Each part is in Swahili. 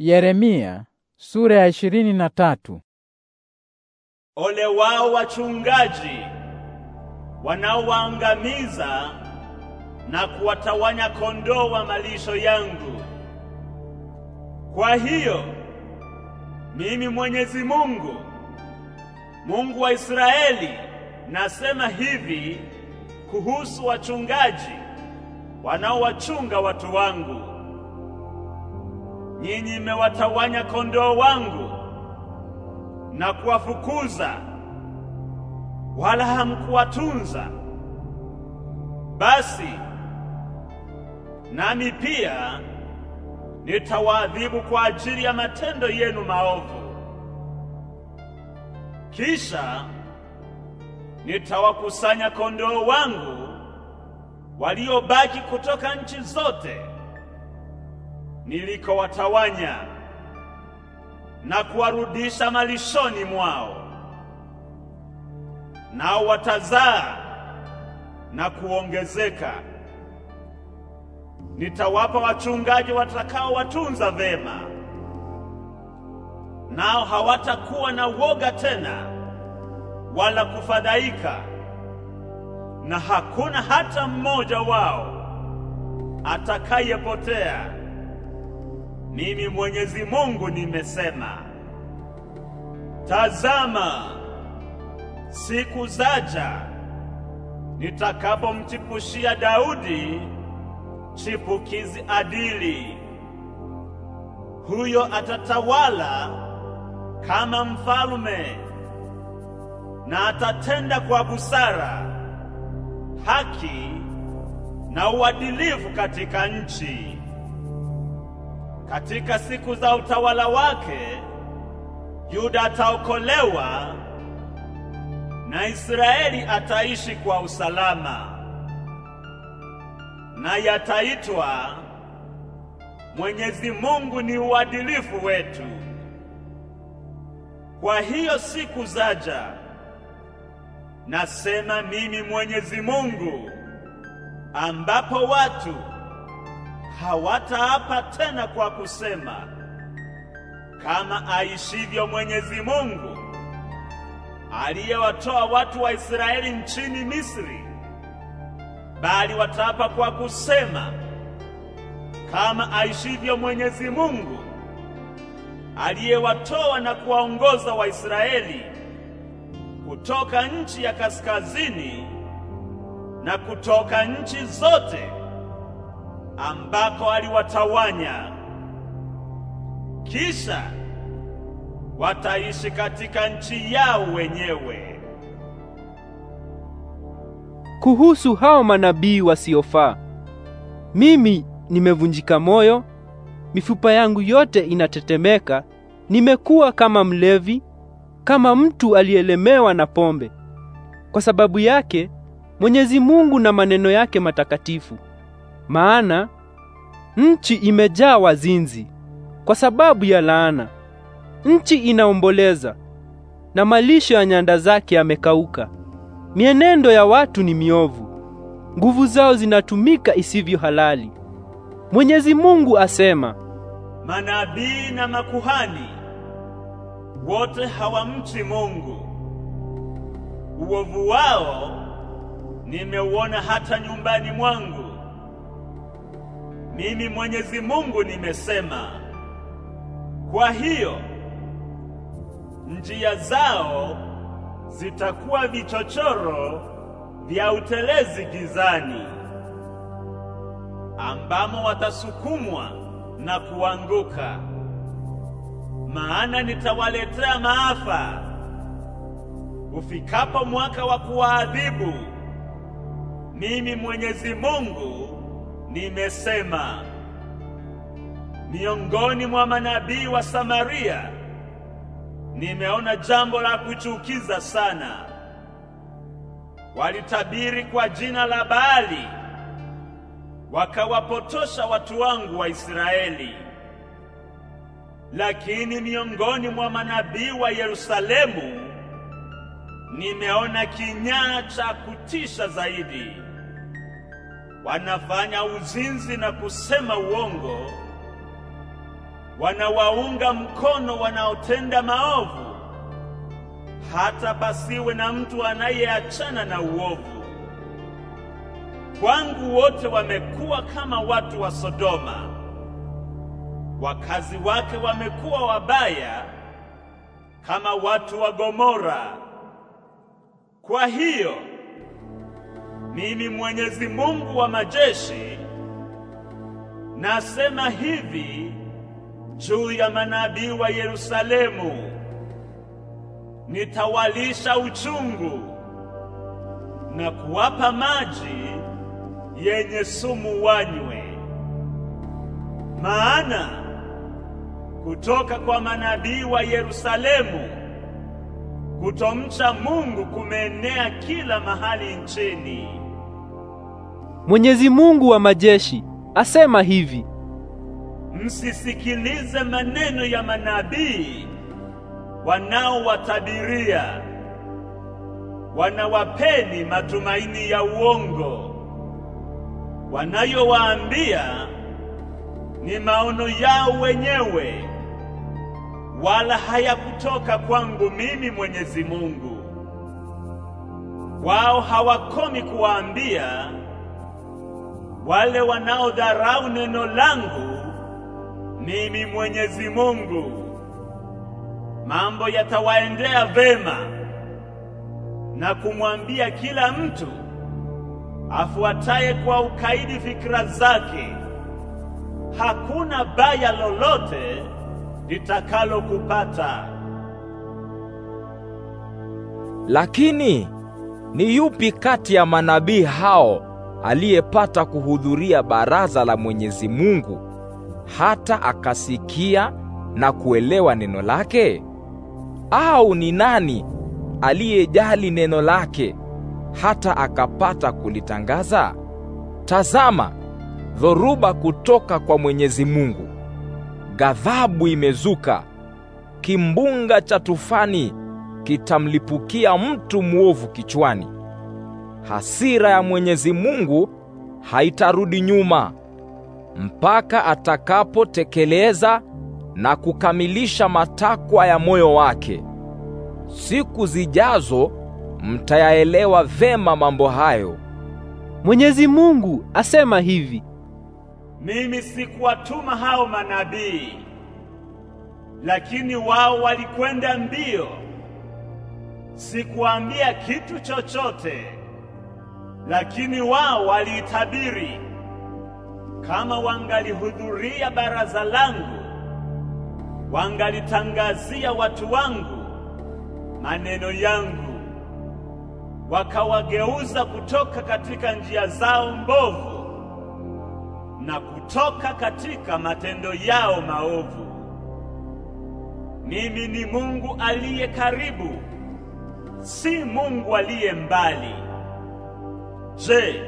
Yeremia sura ya ishirini na tatu. Ole wao wachungaji wanaowaangamiza na kuwatawanya kondoo wa malisho yangu. Kwa hiyo mimi Mwenyezi Mungu, Mungu wa Israeli, nasema hivi kuhusu wachungaji wanaowachunga watu wangu Nyinyi mmewatawanya kondoo wangu na kuwafukuza, wala hamkuwatunza. Basi nami pia nitawaadhibu kwa ajili ya matendo yenu maovu, kisha nitawakusanya kondoo wangu waliobaki kutoka nchi zote nilikowatawanya na kuwarudisha malishoni mwao, nao watazaa na kuongezeka. Nitawapa wachungaji watakao watunza vema, nao hawatakuwa na woga tena wala kufadhaika, na hakuna hata mmoja wao atakayepotea. Mimi Mwenyezi Mungu nimesema, tazama siku zaja nitakapomchipushia Daudi chipukizi adili, huyo atatawala kama mfalme na atatenda kwa busara, haki na uadilifu katika nchi. Katika siku za utawala wake Yuda ataokolewa na Israeli ataishi kwa usalama, na yataitwa Mwenyezi Mungu ni uadilifu wetu. Kwa hiyo siku zaja, nasema mimi Mwenyezi Mungu, ambapo watu hawataapa tena kwa kusema, kama aishivyo Mwenyezi Mungu aliyewatoa watu wa Israeli nchini Misri, bali wataapa kwa kusema, kama aishivyo Mwenyezi Mungu aliyewatoa na kuwaongoza Waisraeli kutoka nchi ya kaskazini na kutoka nchi zote ambako aliwatawanya. Kisha wataishi katika nchi yao wenyewe. Kuhusu hao manabii wasiofaa, mimi nimevunjika moyo, mifupa yangu yote inatetemeka. Nimekuwa kama mlevi, kama mtu aliyelemewa na pombe. Kwa sababu yake Mwenyezi Mungu na maneno yake matakatifu maana nchi imejaa wazinzi kwa sababu ya laana. Nchi inaomboleza na malisho ya nyanda zake yamekauka. Mienendo ya watu ni miovu, nguvu zao zinatumika isivyo halali. Mwenyezi Mungu asema, manabii na makuhani wote hawamchi Mungu. Uovu wao nimeuona hata nyumbani mwangu mimi Mwenyezi Mungu nimesema. Kwa hiyo njia zao zitakuwa vichochoro vya utelezi gizani, ambamo watasukumwa na kuanguka. Maana nitawaletea maafa ufikapo mwaka wa kuwaadhibu. Mimi Mwenyezi Mungu nimesema miongoni mwa manabii wa Samaria nimeona jambo la kuchukiza sana. Walitabiri kwa jina la Baali wakawapotosha watu wangu wa Israeli. Lakini miongoni mwa manabii wa Yerusalemu nimeona kinyaa cha kutisha zaidi wanafanya uzinzi na kusema uongo, wanawaunga mkono wanaotenda maovu, hata pasiwe na mtu anayeachana na uovu. Kwangu wote wamekuwa kama watu wa Sodoma, wakazi wake wamekuwa wabaya kama watu wa Gomora. Kwa hiyo mimi Mwenyezi Mungu wa majeshi nasema hivi juu ya manabii wa Yerusalemu, nitawalisha uchungu na kuwapa maji yenye sumu wanywe, maana kutoka kwa manabii wa Yerusalemu kutomcha Mungu kumeenea kila mahali nchini. Mwenyezi Mungu wa majeshi asema hivi: msisikilize maneno ya manabii wanaowatabiria, wanawapeni matumaini ya uongo. Wanayowaambia ni maono yao wenyewe, wala hayakutoka kwangu mimi Mwenyezi Mungu. Wao hawakomi kuwaambia wale wanaodharau neno langu, mimi Mwenyezi Mungu mambo yatawaendea vema, na kumwambia kila mtu afuataye kwa ukaidi fikra zake, hakuna baya lolote litakalokupata. Lakini ni yupi kati ya manabii hao aliyepata kuhudhuria baraza la Mwenyezi Mungu hata akasikia na kuelewa neno lake? Au ni nani aliyejali neno lake hata akapata kulitangaza? Tazama, dhoruba kutoka kwa Mwenyezi Mungu, ghadhabu imezuka, kimbunga cha tufani kitamlipukia mtu mwovu kichwani hasira ya Mwenyezi Mungu haitarudi nyuma mpaka atakapotekeleza na kukamilisha matakwa ya moyo wake. Siku zijazo mtayaelewa vema mambo hayo. Mwenyezi Mungu asema hivi: mimi sikuwatuma hao manabii, lakini wao walikwenda mbio. Sikuambia kitu chochote lakini wao waliitabiri. Kama wangalihudhuria baraza langu, wangalitangazia watu wangu maneno yangu, wakawageuza kutoka katika njia zao mbovu na kutoka katika matendo yao maovu. Mimi ni Mungu aliye karibu, si Mungu aliye mbali. Je,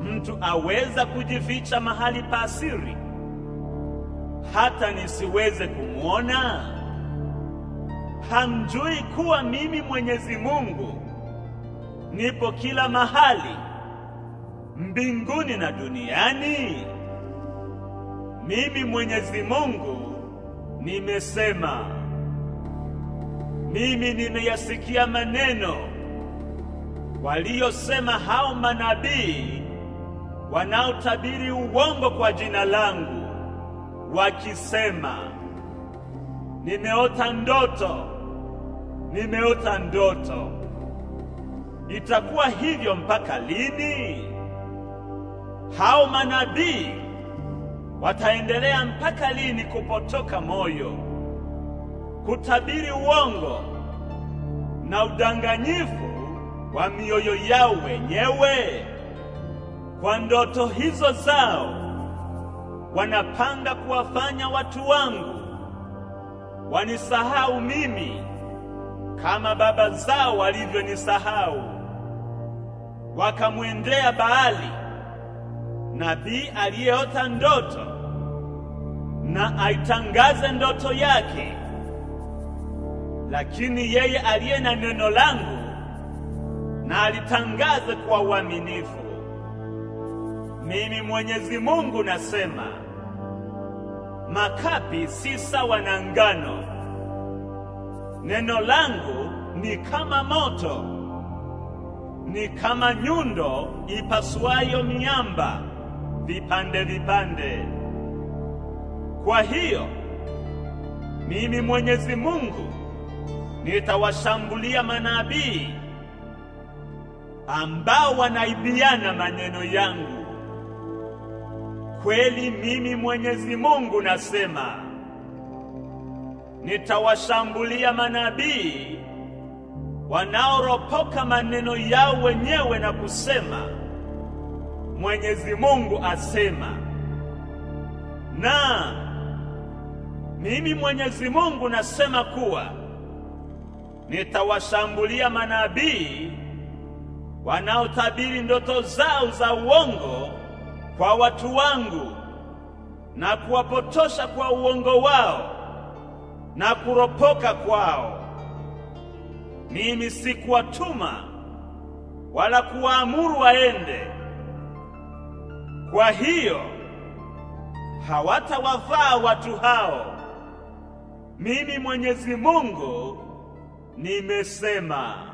mtu aweza kujificha mahali pa siri hata nisiweze kumwona? Hamjui kuwa mimi Mwenyezi Mungu nipo kila mahali mbinguni na duniani? Mimi Mwenyezi Mungu nimesema. Mimi nimeyasikia maneno waliosema hao manabii wanaotabiri uongo kwa jina langu, wakisema, nimeota ndoto, nimeota ndoto. Itakuwa hivyo mpaka lini? Hao manabii wataendelea mpaka lini kupotoka moyo, kutabiri uongo na udanganyifu? kwa mioyo yao wenyewe. Kwa ndoto hizo zao wanapanga kuwafanya watu wangu wanisahau mimi kama baba zao walivyonisahau, wakamwendea Baali nabii aliyeota ndoto na aitangaze ndoto yake. Lakini yeye aliye na neno langu na alitangaza kwa uaminifu, mimi Mwenyezi Mungu nasema, makapi si sawa na ngano, neno langu ni kama moto, ni kama nyundo ipasuayo miamba vipande vipande. Kwa hiyo mimi Mwenyezi Mungu nitawashambulia manabii ambao wanaibiana maneno yangu. Kweli mimi Mwenyezi Mungu nasema, nitawashambulia manabii wanaoropoka maneno yao wenyewe na kusema Mwenyezi Mungu asema, na mimi Mwenyezi Mungu nasema kuwa nitawashambulia manabii wanaotabiri ndoto zao za uongo kwa watu wangu na kuwapotosha kwa uongo wao na kuropoka kwao. Mimi sikuwatuma wala kuwaamuru waende, kwa hiyo hawatawavaa watu hao. Mimi Mwenyezi Mungu nimesema.